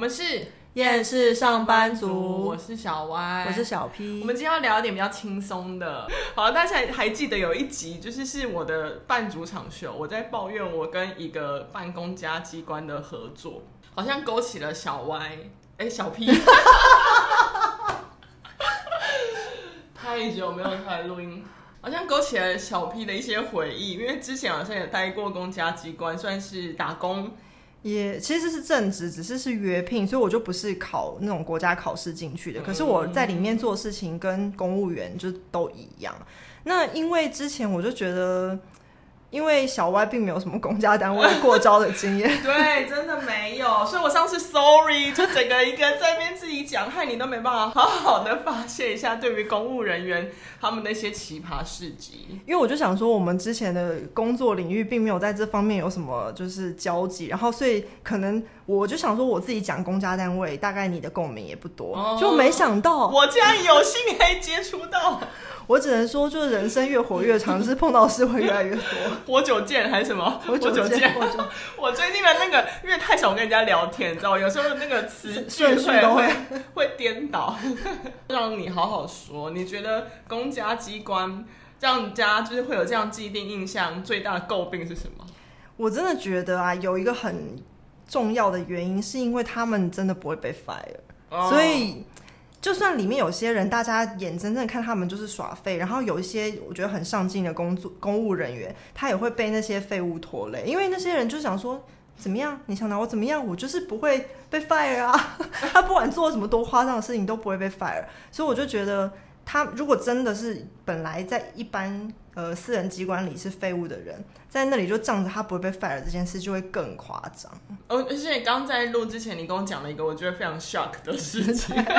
我們是厭世上班族，班族，我是小歪，我是小 P。我們今天要聊一點比較輕鬆的。好，大家還，還記得有一集，就是是我的辦主場秀，我在抱怨我跟一個辦公家機關的合作，好像勾起了小歪，哎、欸，小 P， 太久沒有出來錄音，好像勾起了小 P 的一些回憶，因為之前好像也待過公家機關，算是打工。也、yeah, 其實是正職，只是是約聘，所以我就不是考那種國家考試進去的。可是我在裡面做事情跟公務員就都一樣。那因為之前我就覺得，因為小 Y 並沒有什麼公家單位過招的經驗， 對，真的沒有。所以，我上次 sorry，就整個一個在邊自己講，害 你都沒辦法好好的發洩一下對於公務人員。他們那些奇葩事跡，因為我就想說，我們之前的工作領域並沒有在這方面有什麼就是交集，然後所以可能我就想說，我自己講公家單位，大概你的共鳴也不多，哦、就沒想到我竟然有幸可以接觸到。 我只能說，就是人生越活越長，就是 碰到事會越來越多，活久見還是什麼？活久見。我最近的那個，因為太想跟人家聊天，你知道有時候那個詞順序都會會顛倒， 讓你好好說。你覺得公家機關這樣家就是會有這樣既定印象，最大的詬病是什麼？我真的覺得啊，有一個很重要的原因，是因為他們真的不會被 fire、oh. 所以就算裡面有些人，大家眼睜睜看他們就是耍廢，然後有一些我覺得很上進的工作公務人員，他也會被那些廢物拖累，因為那些人就想說怎麼樣？你想拿我怎麼樣？我就是不會被 fire 啊， 他不管做什麼多誇張的事情都不會被 fire，所以我就覺得。他如果真的是本來在一般呃私人機關裡是廢物的人，在那裡就仗着他不會被廢了，這件事就會更誇張。哦，而且你剛在錄之前，你跟我講了一個我覺得非常 shock 的事情，對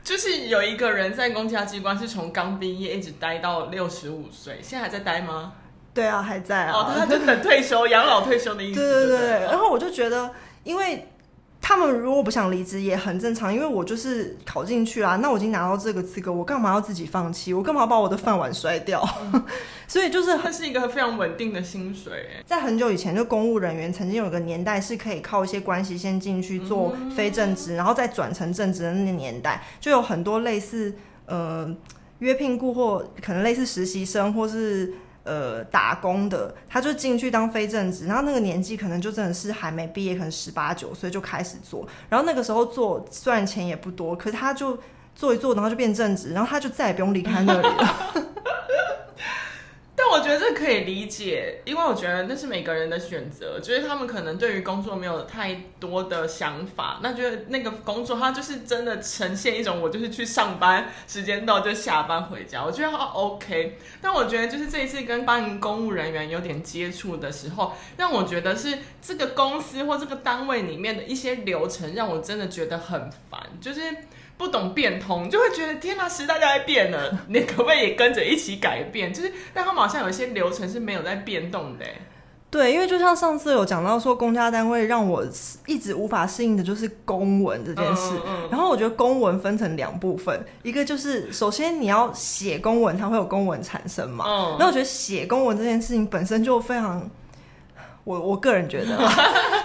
就是有一個人在公家機關是從剛畢業一直待到六十五歲，現在還在待嗎？對啊，還在啊。哦，他就等退休，養 老退休的意思。對，對對對。然後我就覺得，因為。他們如果不想離職也很正常，因為我就是考進去啦，那我已經拿到這個資格，我幹嘛要自己放棄？我幹嘛要把我的飯碗摔掉？ 所以就是，這是一個非常穩定的薪水。在很久以前，就公務人員曾經有一個年代是可以靠一些關係先進去做非正職，嗯、然後再轉成正職的那個年代，就有很多類似，呃，約聘僱或可能類似實習生，或是。呃，打工的，他就進去當非正職，然後那個年紀可能就真的是還沒畢業，可能十八九歲就開始做，然後那個時候做賺錢也不多，可是他就做一做，然後就變正職，然後他就再也不用離開那裡了。 我覺得這可以理解，因為我覺得那是每個人的選擇。就是他們可能對於工作沒有太多的想法，那覺得那個工作它就是真的呈現一種我就是去上班，時間到就下班回家。我覺得他、啊、OK，但我覺得就是這一次跟班公務人員有點接觸的時候，讓我覺得是這個公司或這個單位裡面的一些流程，讓我真的覺得很煩，就是。不懂變通，就會覺得天哪，時代就在變了，你可不可以也跟着一起改變？就是，但他們好像有一些流程是沒有在變動的。對，因為就像上次有講到說，公家單位讓我一直無法適應的就是公文這件事。嗯嗯嗯，然後我覺得公文分成兩部分，一個就是首先你要寫公文，它會有公文產生嘛。那、嗯、我覺得寫公文這件事情本身就非常，我我個人覺得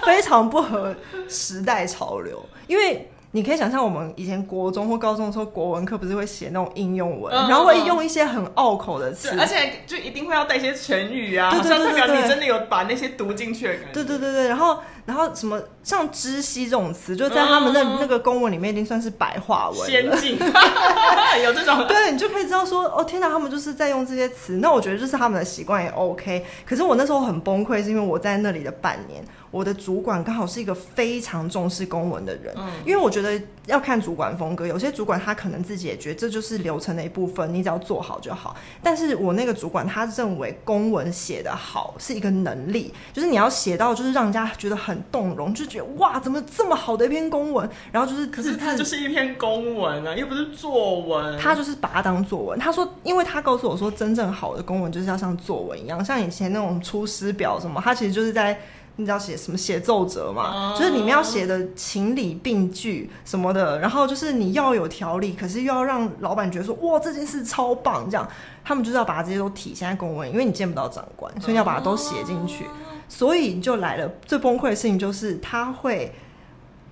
非常不合時代潮流， 因為。你可以想象，我們以前國中或高中的時候，國文課不是會寫那種應用文，oh. 然後會用一些很拗口的詞，而且就一定會要帶一些成語啊，好像代表你真的有把那些讀進去的感覺。對，對對對對，然後。然後什麼像“知悉”這種詞，就在他們那那個公文裡面已經算是白話文了。先進， 有這種，對你就可以知道說，哦，天吶，他們就是在用這些詞。那我覺得就是他們的習慣也 OK。可是我那時候很崩潰，是因為我在那裡的半年，我的主管剛好是一個非常重視公文的人。嗯，因為我覺得要看主管風格，有些主管他可能自己也覺得這就是流程的一部分，你只要做好就好。但是我那個主管他認為公文寫得好是一個能力，就是你要寫到就是讓人家覺得很。動容，就覺得哇，怎麼這麼好的一篇公文？然後就是，可是他字字就是一篇公文啊，又不是作文。他就是把它當作文。他說，因為他告訴我說，真正好的公文就是要像作文一樣，像以前那種《出師表》什麼，他其實就是在你知道寫什麼寫奏摺嘛，啊、就是裡面要寫的情理並舉什麼的，然後就是你要有條理，可是又要讓老闆覺得說，哇，這件事超棒，這樣。他們就是要把這些都體現在公文，因為你見不到長官，所以要把它都寫進去。啊所以就來了，最崩潰的事情就是，他會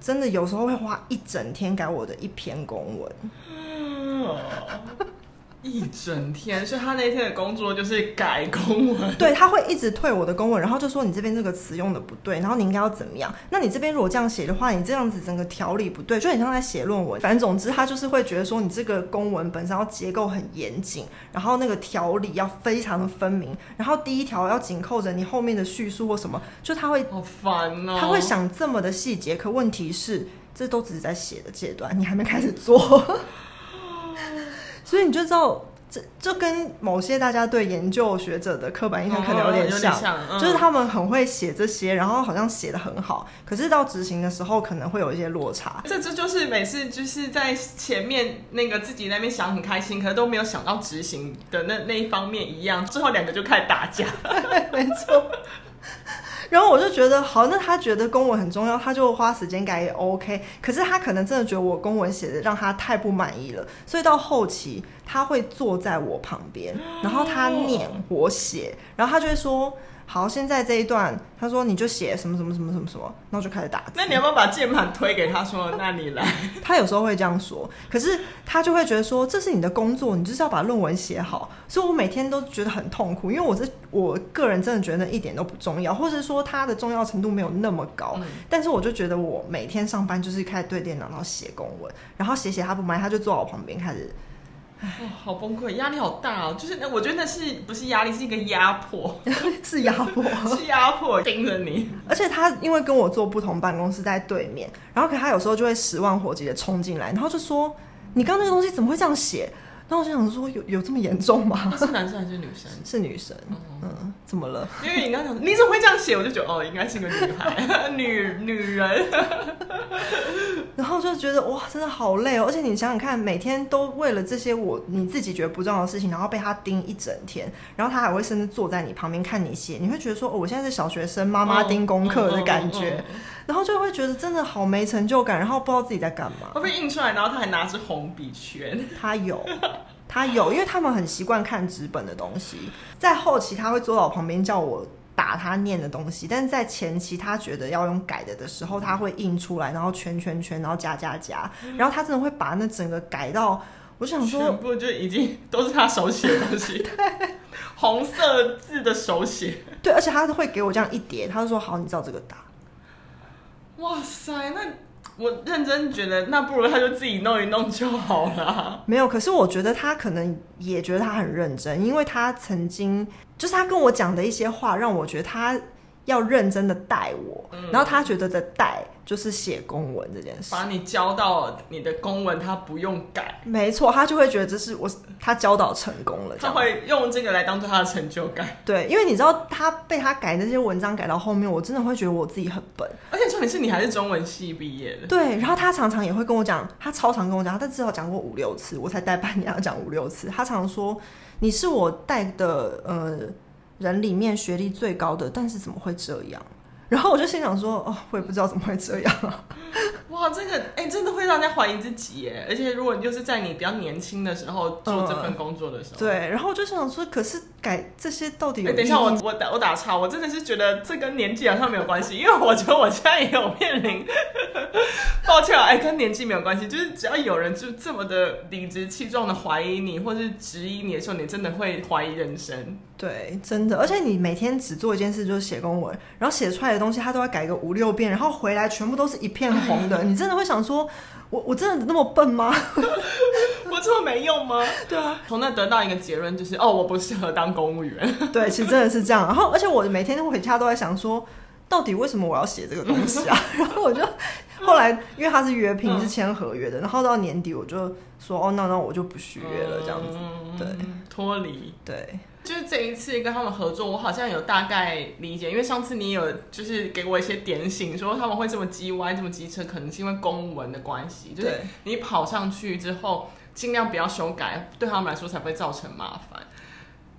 真的有時候會花一整天改我的一篇公文。Oh. 一整天，所以他那天的工作就是改公文。 對，他會一直退我的公文，然後就說你這邊這個詞用的不對，然後你應該要怎麼樣？那你這邊如果這樣寫的話，你這樣子整個條理不對，就很像在寫論文。反正總之，他就是會覺得說你這個公文本身要結構很嚴謹，然後那個條理要非常的分明，然後第一條要緊扣着你後面的敘述或什麼。就他會好煩哦，他會想這麼的細節。可問題是，這都只是在寫的階段，你還沒開始做。 所以你就知道，這跟某些大家對研究學者的刻板印象可能有點像，哦有點像嗯、就是他們很會寫這些，然後好像寫的很好，可是到執行的時候可能會有一些落差。這這就是每次就是在前面那個自己那邊想很開心，可是都沒有想到執行的那那一方面一樣，最後兩個就開始打架。 沒錯。然後我就覺得好，那他覺得公文很重要，他就花時間改也 OK。可是他可能真的覺得我公文寫的讓他太不滿意了，所以到後期他會坐在我旁邊，然後他念我寫，然後他就會說。好，現在這一段他說，你就寫什麼什麼什麼什麼什麼，那我就開始打字。那你有沒有把鍵盤推給他說？ 那你來。 他有時候會這樣說，可是他就會覺得說，這是你的工作，你就是要把論文寫好。所以我每天都覺得很痛苦，因為我這我個人真的覺得一點都不重要，或是說它的重要程度沒有那麼高。嗯、但是我就覺得我每天上班就是開始對電腦，然後寫公文，然後寫寫他不賣，他就坐我旁邊開始。哇唉、哦，好崩潰，壓力好大哦！就是，我覺得那是不是壓力，是一個壓迫， 是壓迫， 是壓迫，盯着你。而且他因為跟我坐不同辦公室，在對面，然後可他有時候就會十萬火急的衝進來，然後就說：“你剛剛那個東西怎麼會這樣寫？”那我想想說有，有有這麼嚴重嗎？是男生還是女生？是女生。Uh huh. 嗯，怎麼了？因為你剛才，你怎麼會這樣寫？我就覺得哦，應該是個女孩， 女女人。 然後就覺得哇，真的好累哦！而且你想想看，每天都為了這些我你自己覺得不重要的事情，然後被他盯一整天，然後他還會甚至坐在你旁邊看你寫，你會覺得說，哦，我現在是小學生媽媽盯功課的感覺。Oh, oh, oh, oh. 然後就會覺得真的好沒成就感，然後不知道自己在幹嘛。後面印出來，然後他還拿支紅筆圈。他有。他有，因為他們很習慣看紙本的東西，在後期他會坐到我旁邊叫我打他念的東西，但是在前期他覺得要用改的的時候，他會印出來，然後圈圈圈，然後加加加，然後他真的會把那整個改到，我想說不就已經都是他手寫的東西， 對，紅色字的手寫，對，而且他會給我這樣一疊，他就說好，你照這個打，哇塞，那。我認真覺得，那不如他就自己弄一弄就好啦。沒有，可是我覺得他可能也覺得他很認真，因為他曾經就是他跟我講的一些話，讓我覺得他。要認真的帶我，嗯、然後他覺得的帶就是寫公文這件事，把你教到你的公文他不用改，沒錯，他就會覺得這是我他教導成功了，他會用這個來當做他的成就感。對，因為你知道他被他改的那些文章改到後面，我真的會覺得我自己很笨，而且重點是你還是中文系畢業的。對，然後他常常也會跟我講，他超常跟我講，他至少講過五六次，我才帶半年要講五六次。他常常說你是我帶的，呃。人裡面學歷最高的，但是怎麼會這樣？然後我就心想說，哦，我也不知道怎麼會這樣。啊。哇，這個哎、欸，真的會讓人家懷疑自己耶！而且如果你就是在你比較年輕的時候做這份工作的時候，呃、對。然後我就想說，可是改這些到底有？哎、欸，等一下，我我打我打岔，我真的是覺得這跟年紀好像沒有關係， 因為我覺得我現在也有面臨。抱歉、啊，哎、欸，跟年紀沒有關係，就是只要有人就這麼的理直氣壯的懷疑你，或者是質疑你的時候，你真的會懷疑人生。對，真的，而且你每天只做一件事，就是寫公文，然後寫出來的東西他都要改個五六遍，然後回來全部都是一片紅的。你真的會想說，我我真的那麼笨嗎？我這麼沒用嗎？對啊，從那得到一個結論就是，哦，我不適合當公務員。對，其實真的是這樣。然後，而且我每天回家都在想說，到底為什麼我要寫這個東西啊？然後我就後來，因為他是約聘，嗯、是簽合約的，然後到年底我就說，哦，那、no, 那、no, 我就不續約了，嗯、這樣子，對，脫離，對。就是這一次跟他們合作，我好像有大概理解，因為上次你有就是給我一些點醒，說他們會這麼雞歪這麼機車，可能是因為公文的關係。對就是你跑上去之後，儘量不要修改，對他們來說才不會造成麻煩。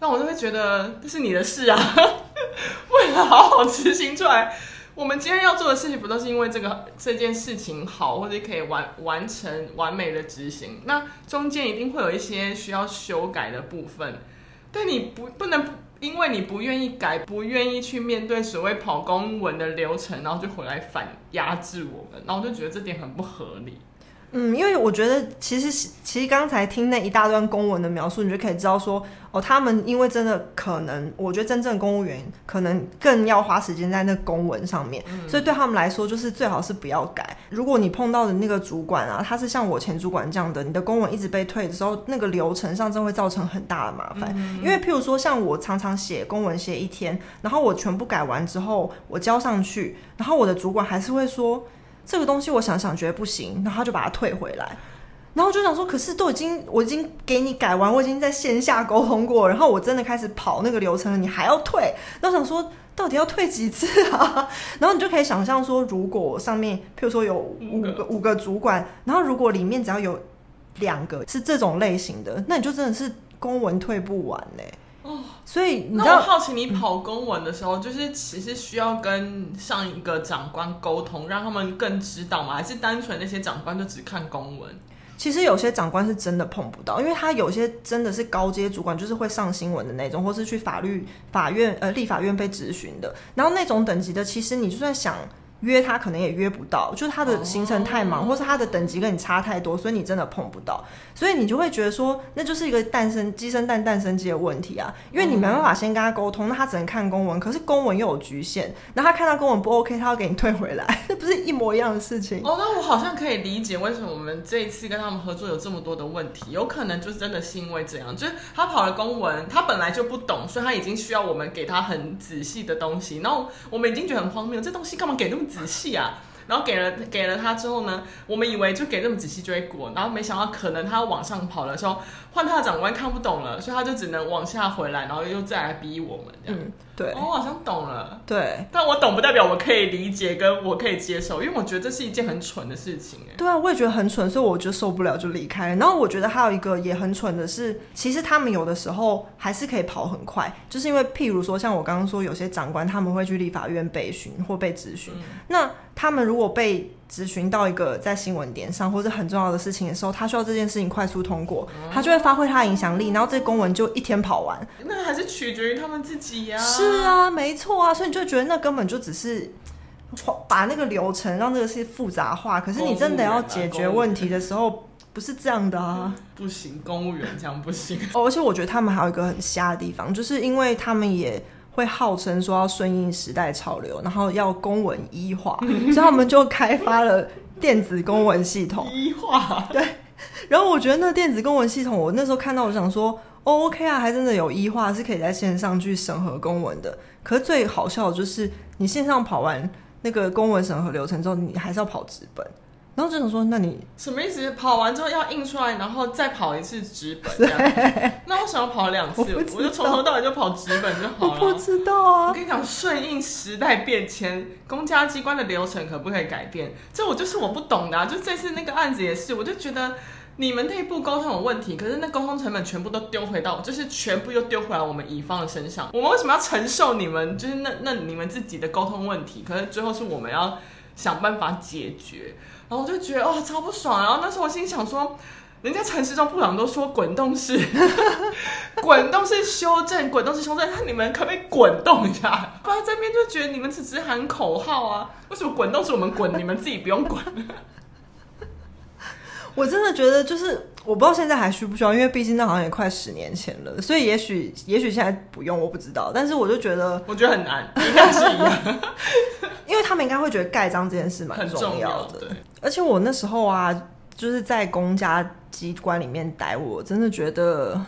那我就會覺得這是你的事啊，呵呵為了好好執行出來，我們今天要做的事情不都是因為這個這件事情好，或者可以完完成完美的執行？那中間一定會有一些需要修改的部分。但你不不能，因為你不願意改，不願意去面對所謂跑公文的流程，然後就回來反壓制我們，然後就覺得這點很不合理。嗯，因為我覺得其實其實剛才聽那一大段公文的描述，你就可以知道說，哦，他們因為真的可能，我覺得真正公務員可能更要花時間在那個公文上面，嗯。所以對他們來說，就是最好是不要改。如果你碰到的那個主管啊，他是像我前主管這樣的，你的公文一直被退的時候，那個流程上真會造成很大的麻煩。嗯嗯嗯。因為譬如說，像我常常寫公文寫一天，然後我全部改完之後，我交上去，然後我的主管還是會說。這個東西我想想覺得不行，然後他就把它退回來，然後就想說，可是都已經，我已經給你改完，我已經在線下溝通過，然後我真的開始跑那個流程了，你還要退？然後想說，到底要退幾次啊？然後你就可以想象說，如果上面，譬如說有五個五個主管，然後如果裡面只要有兩個是這種類型的，那你就真的是公文退不完呢、欸。所以你知道、嗯，那我好奇，你跑公文的時候，就是其實需要跟上一個長官溝通，讓他們更知道嗎？還是單純那些長官就只看公文？其實有些長官是真的碰不到，因為他有些真的是高階主管，就是會上新聞的那種，或是去法律法院、呃，立法院被質詢的。然後那種等級的，其實你就算想約他，可能也約不到，就是他的行程太忙，哦、或是他的等級跟你差太多，所以你真的碰不到。所以你就會覺得說，那就是一個蛋生雞生蛋，蛋生雞的問題啊，因為你沒辦法先跟他溝通，那他只能看公文，可是公文又有局限，那他看到公文不 OK，他要給你退回來，這 不是一模一樣的事情。哦，那我好像可以理解為什麼我們這一次跟他們合作有這麼多的問題，有可能就是真的是因為這樣，就是他跑了公文，他本來就不懂，所以他已經需要我們給他很仔細的東西，然後我們已經覺得很荒謬、哦，這東西幹嘛給那麼仔細啊？嗯然後給了給了他之後呢，我們以為就給這麼仔細就會過，然後沒想到可能他往上跑的時候，換他的長官看不懂了，所以他就只能往下回來，然後又再來逼我們這樣。嗯對哦，我好像懂了，對，但我懂不代表我可以理解跟我可以接受，因為我覺得這是一件很蠢的事情，哎。對啊，我也覺得很蠢，所以我就受不了就離開，然後我覺得還有一個也很蠢的是，其實他們有的時候還是可以跑很快，就是因為譬如說像我剛剛說，有些長官他們會去立法院備詢或被質詢，嗯、那他們如果被。諮詢到一個在新聞點上或者很重要的事情的時候，他需要這件事情快速通過，哦、他就會發揮他的影響力，然後這公文就一天跑完。那還是取決於他們自己呀，啊。是啊，沒錯啊，所以你就覺得那根本就只是把那個流程讓這個事複雜化。可是你真的要解決問題的時候，不是這樣的啊，啊、 哦。不行，公務員這樣不行。 而且我覺得他們還有一個很瞎的地方，就是因為他們也。會號稱說要順應時代潮流，然後要公文一化， 所以他們就開發了電子公文系統。一化 對，然後我覺得那個電子公文系統，我那時候看到，我想說，哦，OK 啊，還真的有一化是可以在線上去審核公文的。可是最好笑的就是，你線上跑完那個公文審核流程之後，你還是要跑紙本。然後就想說，那你什麼意思？跑完之後要印出來，然後再跑一次紙本，這樣？對那我想要跑兩次，我，我就從頭到尾就跑紙本就好了。我不知道啊！我跟你講，順應時代變遷，公家機關的流程可不可以改變？這我就是我不懂的啊！就這次那個案子也是，我就覺得你們內部溝通有問題，可是那溝通成本全部都丟回到，就是全部又丟回來我們乙方的身上。我們為什麼要承受你們？就是那那你們自己的溝通問題，可是最後是我們要。想辦法解決，然後我就覺得哦超不爽啊。然後那時候我心想說，人家陳時中、部長都說滾動式， 滾動式修正，滾動式修正，那你們可不可以滾動一下？不 然這邊就覺得你們只是喊口號啊，為什麼滾動是我們滾，你們自己不用滾？ 我真的覺得，就是我不知道現在還需不需要，因為畢竟那好像也快十年前了，所以也許也許現在不用，我不知道。但是我就覺得，我覺得很難，應該是一樣，因為他們應該會覺得蓋章這件事蠻重要的。要而且我那時候啊，就是在公家機關裡面待我，我真的覺得。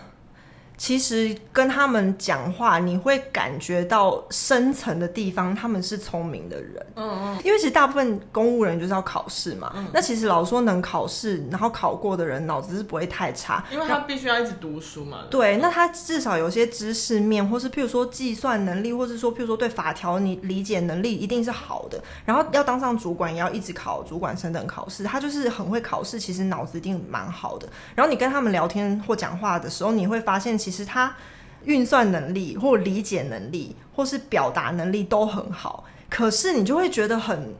其實跟他們講話，你會感覺到深層的地方，他們是聰明的人。嗯嗯。因為其實大部分公務人就是要考試嘛。嗯。那其實老實說能考試，然後考過的人腦子是不會太差，因為他必須要一直讀書嘛。對。那他至少有些知識面，或是譬如說計算能力，或是說譬如說對法條你理解能力一定是好的。然後要當上主管，也要一直考主管升等考試。他就是很會考試，其實腦子一定蠻好的。然後你跟他們聊天或講話的時候，你會發現其實。其實他運算能力、或理解能力、或是表達能力都很好，可是你就會覺得很。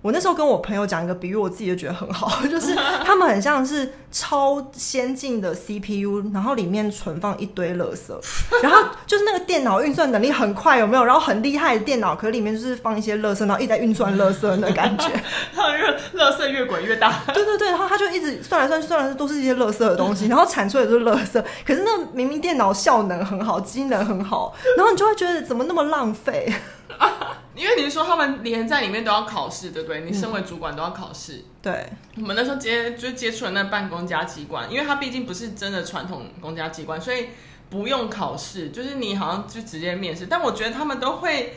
我那時候跟我朋友講一個比喻，我自己就覺得很好，就是他們很像是超先進的 CPU，然後裡面存放一堆垃圾，然後就是那個電腦運算能力很快，有沒有？然後很厲害的電腦，可裡面就是放一些垃圾，然後一直在運算垃圾的感覺，越垃圾越滾越大。對對對，然後他就一直算來算去算來都是一些垃圾的東西，然後產出的都是垃圾。可是那明明電腦效能很好，機能很好，然後你就會覺得怎麼那麼浪費。啊， 因為你說他們連在裡面都要考試，對不對？你身為主管都要考試。嗯。對，我們那時候接就接觸了那半公家機關，因為他畢竟不是真的傳統公家機關，所以不用考試，就是你好像就直接面試。但我覺得他們都會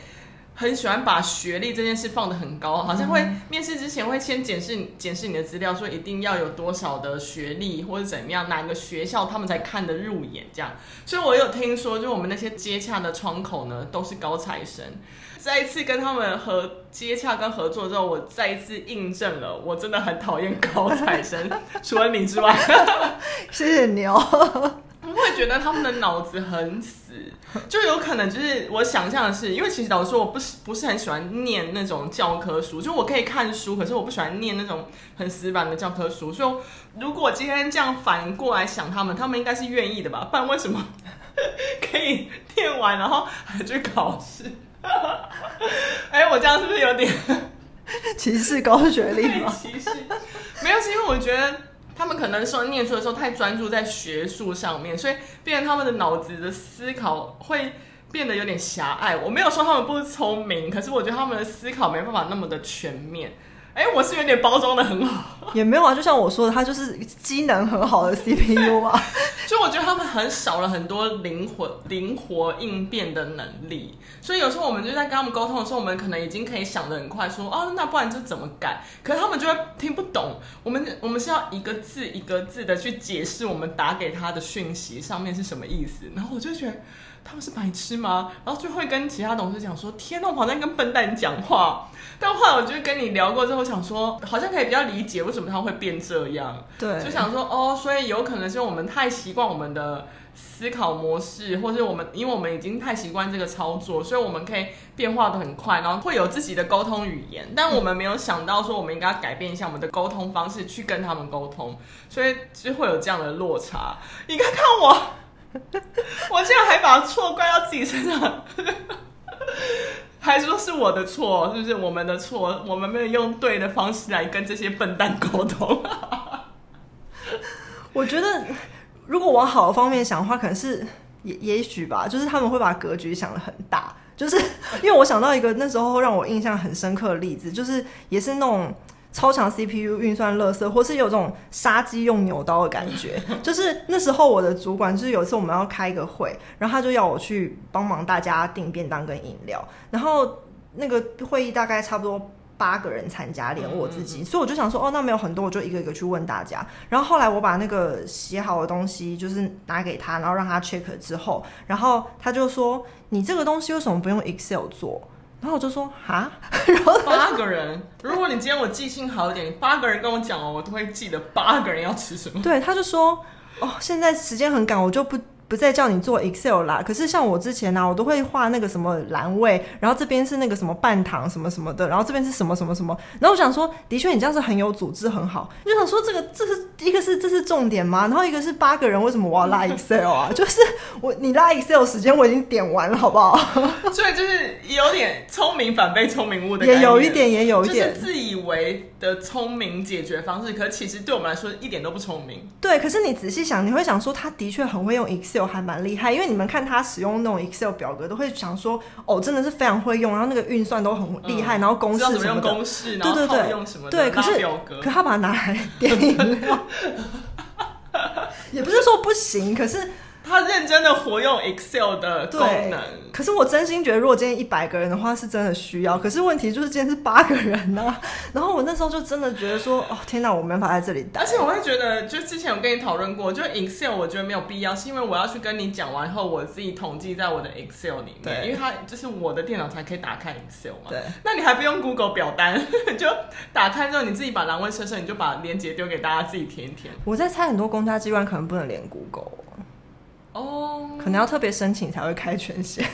很喜歡把學歷這件事放得很高，好像會面試之前會先檢視、檢視你的資料，說一定要有多少的學歷或者怎麼樣，哪個學校他們才看得入眼這樣。所以我有聽說，就我們那些接洽的窗口呢，都是高材生。再一次跟他們合接洽跟合作之後，我再一次印證了，我真的很討厭高材生，除了你之外， 謝謝你哦。不會覺得他們的腦子很死，就有可能就是我想象的是，因為其實老實說，我不是不是很喜歡念那種教科書，就我可以看書，可是我不喜歡念那種很死板的教科書。所以如果我今天這樣反過來想他們，他們他們應該是願意的吧？不然為什麼可以念完然後還去考試？哎、欸，我這樣是不是有點歧視高學歷嗎？歧視沒有，是因為我覺得。他們可能說，念書的時候太專注在學術上面，所以變成他們的腦子的思考會變得有點狹隘。我沒有說他們不聰明，可是我覺得他們的思考沒辦法那麼的全面。哎、欸，我是有點包裝的很好，也沒有啊，就像我說的，他就是機能很好的 CPU 啊。所以 我覺得他們很少了很多靈活、靈活應變的能力。所以有時候我們就在跟他們溝通的時候，我們可能已經可以想的很快說，說啊，那不然就怎麼改？可是他們就會聽不懂。我們我們是要一個字一個字的去解釋，我們打給他的訊息上面是什麼意思。然後我就覺得他們是白痴嗎？然後就會跟其他同事講說：天哪、啊，我在跟笨蛋講話。但後來，我就跟你聊過之後，想說好像可以比較理解為什麼他會變這樣。對，就想說哦，所以有可能是我們太習慣我們的思考模式，或是我們因為我們已經太習慣這個操作，所以我們可以變化得很快，然後會有自己的溝通語言，但我們沒有想到說我們應該要改變一下我們的溝通方式去跟他們溝通，所以就會有這樣的落差。你看看我， 我現在還把錯怪到自己身上。 還是說是我的錯，是、就、不是我們的錯？我們沒有用對的方式來跟這些笨蛋溝通。 我覺得，如果往好的方面想的話，可能是也也許吧，就是他們會把格局想得很大，就是因為我想到一個那時候讓我印象很深刻的例子，就是也是那種。超強 CPU 運算樂色，或是有種殺雞用牛刀的感覺，就是那時候我的主管，就是有一次我們要開一個會，然後他就要我去幫忙大家訂便當跟飲料，然後那個會議大概差不多八個人參加，連我自己，所以我就想說，哦，那沒有很多，我就一個一個去問大家。然後後來我把那個寫好的東西就是拿給他，然後讓他 check 之後，然後他就說，你這個東西為什麼不用 Excel 做？然後我就說哈，然後八個人， 如果你今天我記性好一點， 你八個人跟我講哦，我都會記得八個人要吃什麼。對，他就說哦，現在時間很趕，我就不。不再叫你做 Excel 啦，可是像我之前呢、啊，我都會畫那個什麼欄位，然後這邊是那個什麼半糖什麼什麼的，然後這邊是什麼什麼什麼。然後我想說，的確你這樣是很有組織，很好。就想說這個這是一個是這是重點嗎？然後一個是八個人為什麼我要拉 Excel 啊？就是我你拉 Excel 時間我已經點完了，好不好？所以就是有點聰明反被聰明誤的感覺，也有一點，也有一點，就是自以為的聰明解決方式，可其實對我們來說一點都不聰明。對，可是你仔細想，你會想說，他的確很會用 Excel。還蠻厲害，因為你們看他使用那種 Excel 表格，都會想說，哦，真的是非常會用，然後那個運算都很厲害，嗯、然後公式什麼的，要麼用公式然後用什麼對對對，用什麼對，可，可是表格，可他把它拿來電影 也不是說不行， 可是。他認真的活用 Excel 的功能，可是我真心覺得，如果今天一百個人的話，是真的需要。可是問題就是今天是八個人呢、啊。 然後我那時候就真的覺得說，哦，天哪，我沒法在這裡待。而且我會覺得，就之前我跟你討論過，就 Excel 我覺得沒有必要，是因為我要去跟你講完後，我自己統計在我的 Excel 裡面，對因為它就是我的電腦才可以打開 Excel 嘛。對。那你還不用 Google 表單， 就打開之後，你自己把欄位設設，你就把連結丟給大家自己填一填。我在猜，很多公家機關可能不能連 Google。哦，oh, 可能要特別申請才會開權限。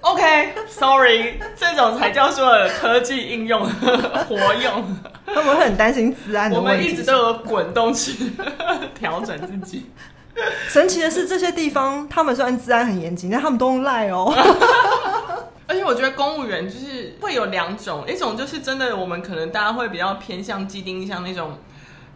OK，Sorry，、okay, 這種才叫做了科技應用呵呵活用。我們會很擔心資安的。我們一直都有滾動式調整自己。神奇的是，這些地方他們雖然資安很嚴謹，但他們都用賴哦。而且我覺得公務員就是會有兩種，一種就是真的，我們可能大家會比較偏向既定印象那種。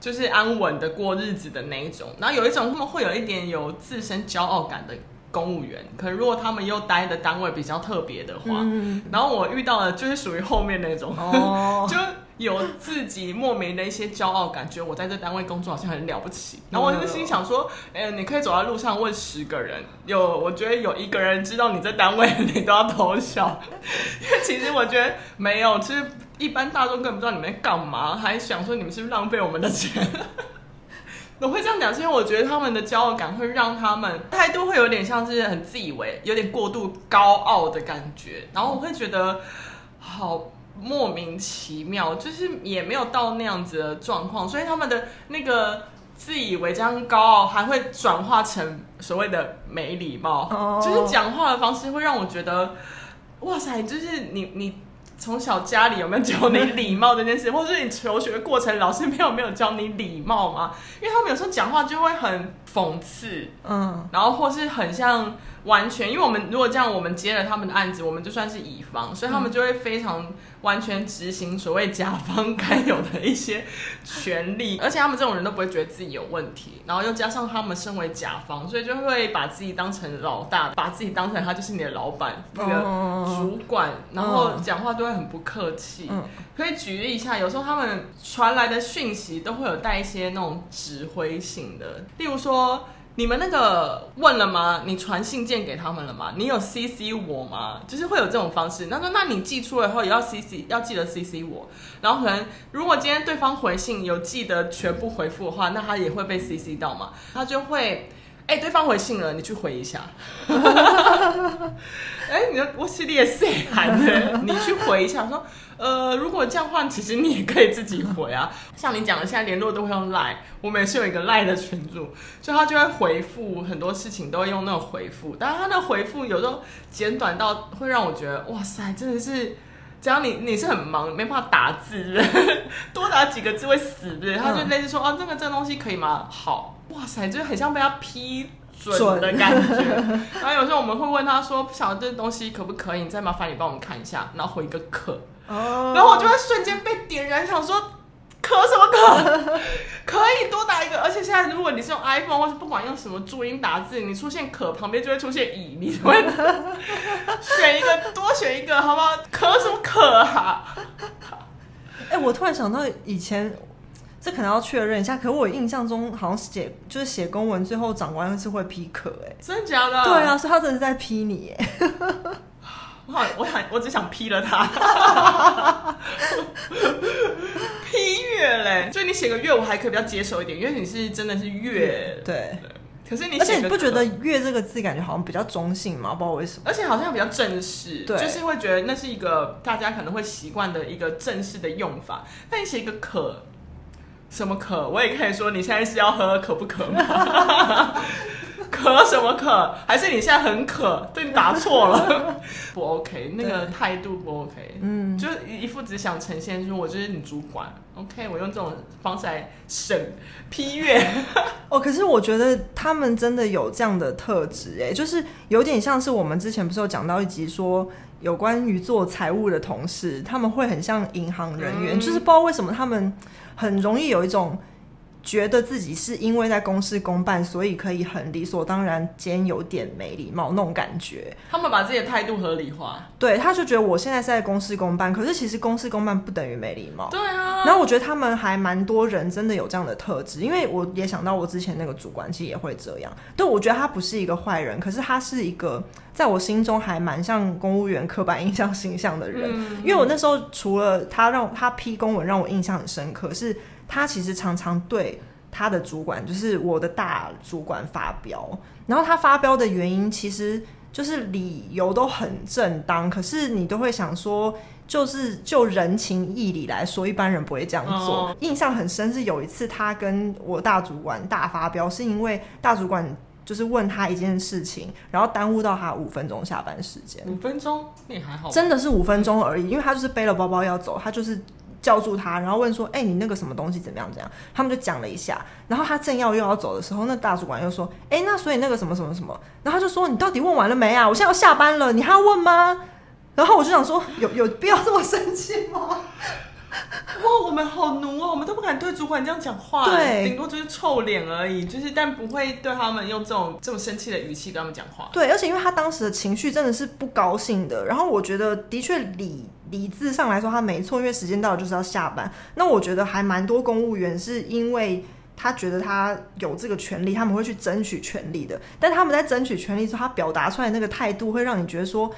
就是安穩的過日子的那一種，然後有一種他們會有一點有自身驕傲感的公務員，可如果他們又待的單位比較特別的話，嗯、然後我遇到的就是屬於後面那種，哦、 就是。有自己莫名的一些驕傲感覺，我在這單位工作好像很了不起。然後我就心想說，oh. 欸，你可以走在路上問十個人，有我覺得有一個人知道你在單位，你都要偷笑。因為其實我覺得沒有，其實一般大眾根本不知道你們幹嘛，還想說你們是不是浪費我們的錢。 我會這樣講，是因為我覺得他們的驕傲感會讓他們態度會有點像是些很自以為、有點過度高傲的感覺，然後我會覺得好。莫名其妙，就是也沒有到那樣子的狀況，所以他們的那個自以為這樣高傲，還會轉化成所謂的沒禮貌，oh. 就是講話的方式會讓我覺得，哇塞，就是你你從小家裡有沒有教你禮貌這件事， 或是你求學過程老師沒有沒有教你禮貌嗎？因為他們有時候講話就會很諷刺，嗯，然後或是很像。完全，因為我們如果這樣，我們接了他們的案子，我們就算是乙方，所以他們就會非常完全執行所謂甲方該有的一些權利，而且他們這種人都不會覺得自己有問題，然後又加上他們身為甲方，所以就會把自己當成老大，把自己當成他就是你的老闆，你的主管，然後講話都會很不客氣。可以舉例一下，有時候他們傳來的訊息都會有帶一些那種指揮性的，例如說。你們那個問了嗎？你傳信件給他們了嗎？你有 C C 我嗎？就是會有這種方式。他說，那你寄出來以後也要 C C，要記得 C C 我。然後可能如果今天對方回信有記得全部回復的話，那他也會被 C C 到嘛，他就會。哎、欸，對方回信了，你去回一下。哎、 欸，你的我是的 C 的，你去回一下。我說，呃，如果這樣換，其實你也可以自己回啊。 像你講的，現在聯絡都會用 Line，我也是有一個 Line 的群組，所以他就會回復很多事情都會用那種回復，當然他的回復有時候簡短到會讓我覺得，哇塞，真的是。只要你你是很忙，沒辦法打字，多打幾個字會死的？嗯、他就類似說啊、哦，這個這個、東西可以嗎？好，哇塞，就是很像被他批准的感覺。準 然後有時候我們會問他說，不曉得這個、東西可不可以？你再麻煩你幫我們看一下，然後回一個可，哦、然後我就會瞬間被點燃，想說。可什麼可？可以多打一個，而且現在如果你是用 iPhone 或是不管用什麼注音打字，你出現“可”旁邊就會出現“以”。你會選一個多選一個，好不好？可什麼可啊？哎、欸，我突然想到以前，這可能要確認一下。可是我印象中好像寫就是寫公文，最後長官是會批、欸“可”哎，真的假的？對啊，所以他真的在批你哎、欸。 我好，我想，我只想批了他。 月嘞，就你寫個月，我還可以比較接受一點，因為你是真的是月。嗯、對，對。可是你寫個可，而且你不覺得“月”這個字感覺好像比較中性嗎？不知道為什麼，而且好像比較正式，對，就是會覺得那是一個大家可能會習慣的一個正式的用法。那你寫一個可」，什麼可」，我也可以說你現在是要喝可不可」嗎？ 可」什麼可」，還是你現在很渴？對，你答錯了， 不 OK，那個態度不 OK，嗯，就一副只想呈現出我就是你主管。OK，我用這種方式來審批閱。 哦，可是我覺得他們真的有這樣的特質，哎，就是有點像是我們之前不是有講到一集，說有關於做財務的同事，他們會很像銀行人員，嗯、就是不知道為什麼他們很容易有一種。覺得自己是因為在公事公辦，所以可以很理所當然兼有點沒禮貌那種感覺。他們把自己的態度合理化，對，他就覺得我現在是在公事公辦，可是其實公事公辦不等於沒禮貌。對啊。然後我覺得他們還蠻多人真的有這樣的特質，因為我也想到我之前那個主管其實也會這樣。對，我覺得他不是一個壞人，可是他是一個在我心中還蠻像公務員刻板印象形象的人。嗯嗯。因為我那時候除了他讓他批公文讓我印象很深刻是，他其實常常對他的主管，就是我的大主管發飆，然後他發飆的原因其實就是理由都很正當，可是你都會想說，就是就人情義理來說，一般人不會這樣做。Oh. 印象很深是有一次他跟我大主管大發飆，是因為大主管就是問他一件事情，然後耽誤到他五分鐘下班時間。五分鐘那也還好。真的是五分鐘而已，因為他就是背了包包要走，他就是。叫住他，然後問說：“哎、欸，你那個什麼東西怎麼樣？怎樣？”他們就講了一下。然後他正要又要走的時候，那大主管又說：“哎、欸，那所以那個什麼什麼什麼。”然後他就說：“你到底問完了沒啊？我現在要下班了，你還要問嗎？”然後我就想說：“有有必要這麼生氣嗎？ 哇，我們好奴哦、喔，我們都不敢對主管這樣講話、欸，對，頂多就是臭臉而已，就是但不會對他們用這種這麼生氣的語氣跟他們講話。對，而且因為他當時的情緒真的是不高興的。然後我覺得，的確理。”理智上來說，他沒錯，因為時間到了就是要下班。那我覺得還蠻多公務員是因為他覺得他有這個權利，他們會去爭取權利的。但他們在爭取權利的時候，他表達出來的那個態度會讓你覺得說，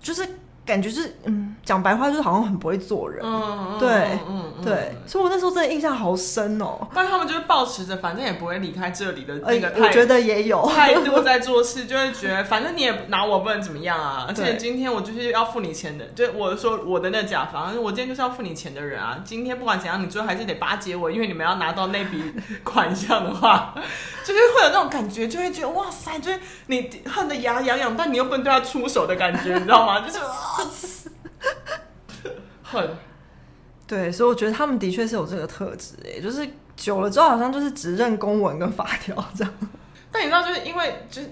就是。感覺是，嗯，講白話就是好像很不會做人，嗯對嗯，嗯，嗯對，所以我那時候真的印象好深哦、喔。但他們就是抱持著反正也不會離開這裡的那個態度，我覺得也有太多在做事， 就會覺得反正你也拿我不能怎麼樣啊，而且對今天我就是要付你錢的，就我說我的那甲方，我今天就是要付你錢的人啊，今天不管怎樣，你最後還是得巴結我，因為你們要拿到那筆款項的話， 就是會有那種感覺，就會覺得哇塞，就是你恨得牙癢癢，但你又不能對他出手的感覺，你知道嗎？就是。 很，對，所以我覺得他們的確是有這個特質，哎，就是久了之後好像就是只認公文跟法條這樣。但你知道，就是因為就是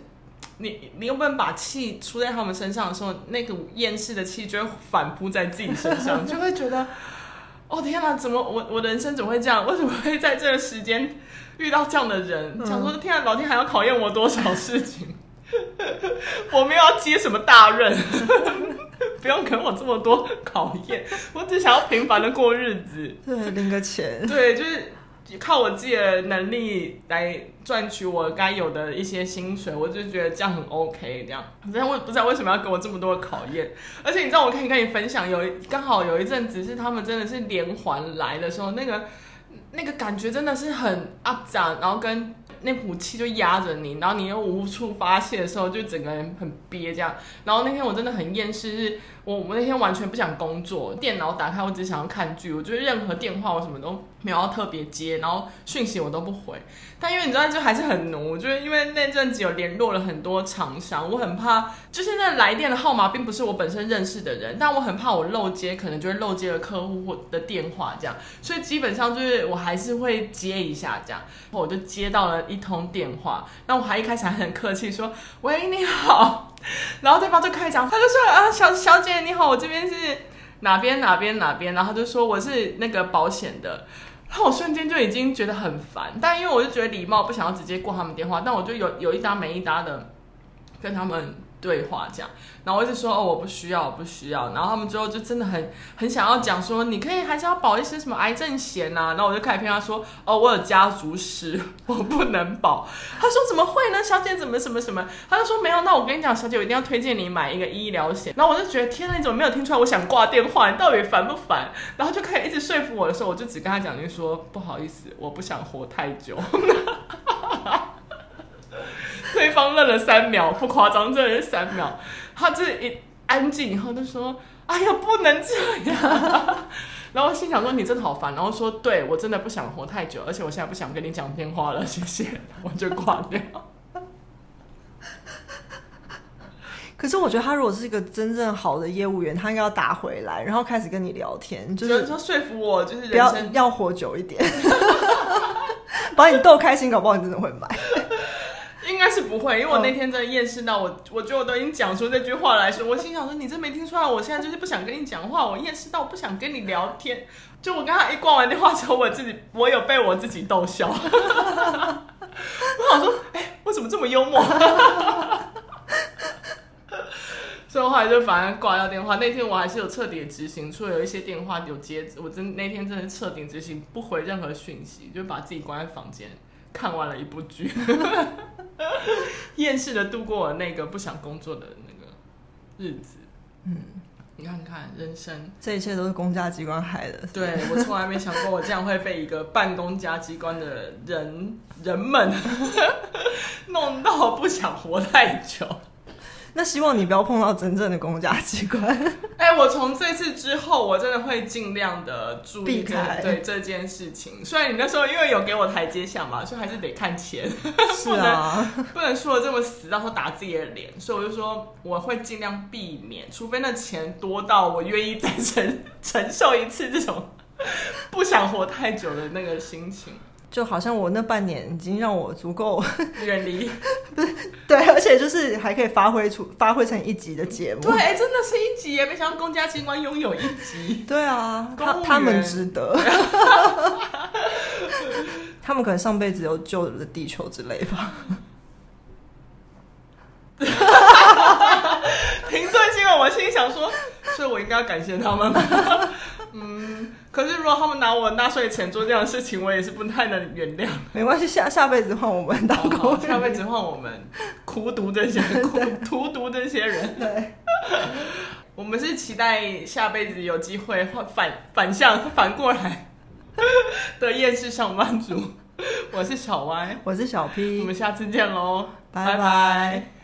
你，你又不能把氣出在他們身上的時候，那個厭世的氣就會反撲在自己身上， 就會覺得，哦天哪、啊，怎麼我我的人生怎麼會這樣？我怎麼會在這個時間遇到這樣的人？嗯、想說，天啊，老天還要考驗我多少事情？ 我沒有要接什麼大任， 不用給我這麼多考驗， 我只想要平凡的過日子 對，掙點錢。對，就是靠我自己的能力來賺取我該有的一些薪水，我就覺得這樣很 OK 這樣。這樣，不我不知道為什麼要給我這麼多的考驗。而且你知道，我可以跟你分享有，有剛好有一陣子是他們真的是連環來的時候，那個那個感覺真的是很誇張然後跟。那股氣就壓着你，然後你又無處發洩的時候，就整個人很憋這樣。然後那天我真的很厭世，是我我那天完全不想工作，電腦打開我只想要看劇，我覺得任何電話我什麼都。沒有要特別接，然後訊息我都不回。但因為你知道，就還是很濃。就是因為那陣子有聯絡了很多廠商，我很怕，就是那來電的號碼並不是我本身認識的人，但我很怕我漏接，可能就是漏接了客戶或的電話這樣。所以基本上就是我還是會接一下這樣。然後我就接到了一通電話，那我還一開始還很客氣說：“喂，你好。”然後對方就開始講，他就說：“啊，小小姐你好，我這邊是哪邊哪邊哪邊？哪邊？”然後他就說我是那個保險的。然後我瞬間就已經覺得很煩，但因為我就覺得禮貌，不想要直接掛他們電話，但我就有有一搭沒一搭的跟他們。對話這樣，然後我一直說哦，我不需要，我不需要。然後他們最後就真的很很想要講說，你可以還是要保一些什麼癌症險啊，然後我就開始騙他說，哦，我有家族史，我不能保。他說怎麼會呢，小姐怎麼什麼什麼？他就說沒有。那我跟你講，小姐，我一定要推薦你買一個醫療險。然後我就覺得天吶，你怎麼沒有聽出來我想掛電話？你到底煩不煩？然後就開始一直說服我的時候，我就只跟他講就說不好意思，我不想活太久。 對方愣了三秒，不誇張，這也是三秒。他這一安靜以後，就說：“哎呀，不能這樣。 ”然後我心想說：“你真好煩。”然後說：“對，我真的不想活太久，而且我現在不想跟你講電話了，謝謝，我就掛掉。”可是我覺得他如果是一個真正好的業務員，他應該要打回來，然後開始跟你聊天，就是得說說服我，就是要要活久一點， 把你逗開心，搞不好你真的會買。應該是不會，因為我那天真的厭世到我，oh. 我覺得我都已經講出這句話來說，我心想說，你真沒聽出來，我現在就是不想跟你講話，我厭世到我不想跟你聊天。就我剛才一掛完電話之後，我自己我有被我自己逗笑， 我想說哎、欸，我怎麼這麼幽默？ 所以後來就反而掛掉電話。那天我還是有徹底執行，除了有一些電話有接，我真那天真的徹底執行不回任何訊息，就把自己關在房間。看完了一部劇，厭世的度過了那個不想工作的那個日子。嗯，你看看人生、嗯，這一切都是公家機關害的。對， 我從來沒想過我這樣會被一個半公家機關的人人們弄到不想活太久。那希望你不要碰到真正的公家機關。哎、欸，我從這次之後，我真的會盡量的注意開對這件事情。雖然你那時候因為有給我台階下嘛，所以還是得看錢，是啊、 不能不能說的這麼死到，到時候打自己的臉。所以我就說我會盡量避免，除非那錢多到我願意再承承受一次這種不想活太久的那個心情。就好像我那半年已經讓我足夠遠離，不 對，而且就是還可以發揮出發揮成一集的節目。對、欸，真的是一集也沒想到公家機關擁有一集對啊他，他們值得。啊、 他們可能上輩子有救了地球之類吧。平順性，我心想說，所以我應該要感謝他們 嗯。可是，如果他們拿我納稅錢做這樣的事情，我也是不太能原諒。沒關係，下下輩子換我們打工，下輩子換我們苦毒這些苦毒 對這些人。對， 我們是期待下輩子有機會換反反向反過來的厭世上班族。我是小歪，我是小 P，我們下次見嘍，拜拜。拜拜。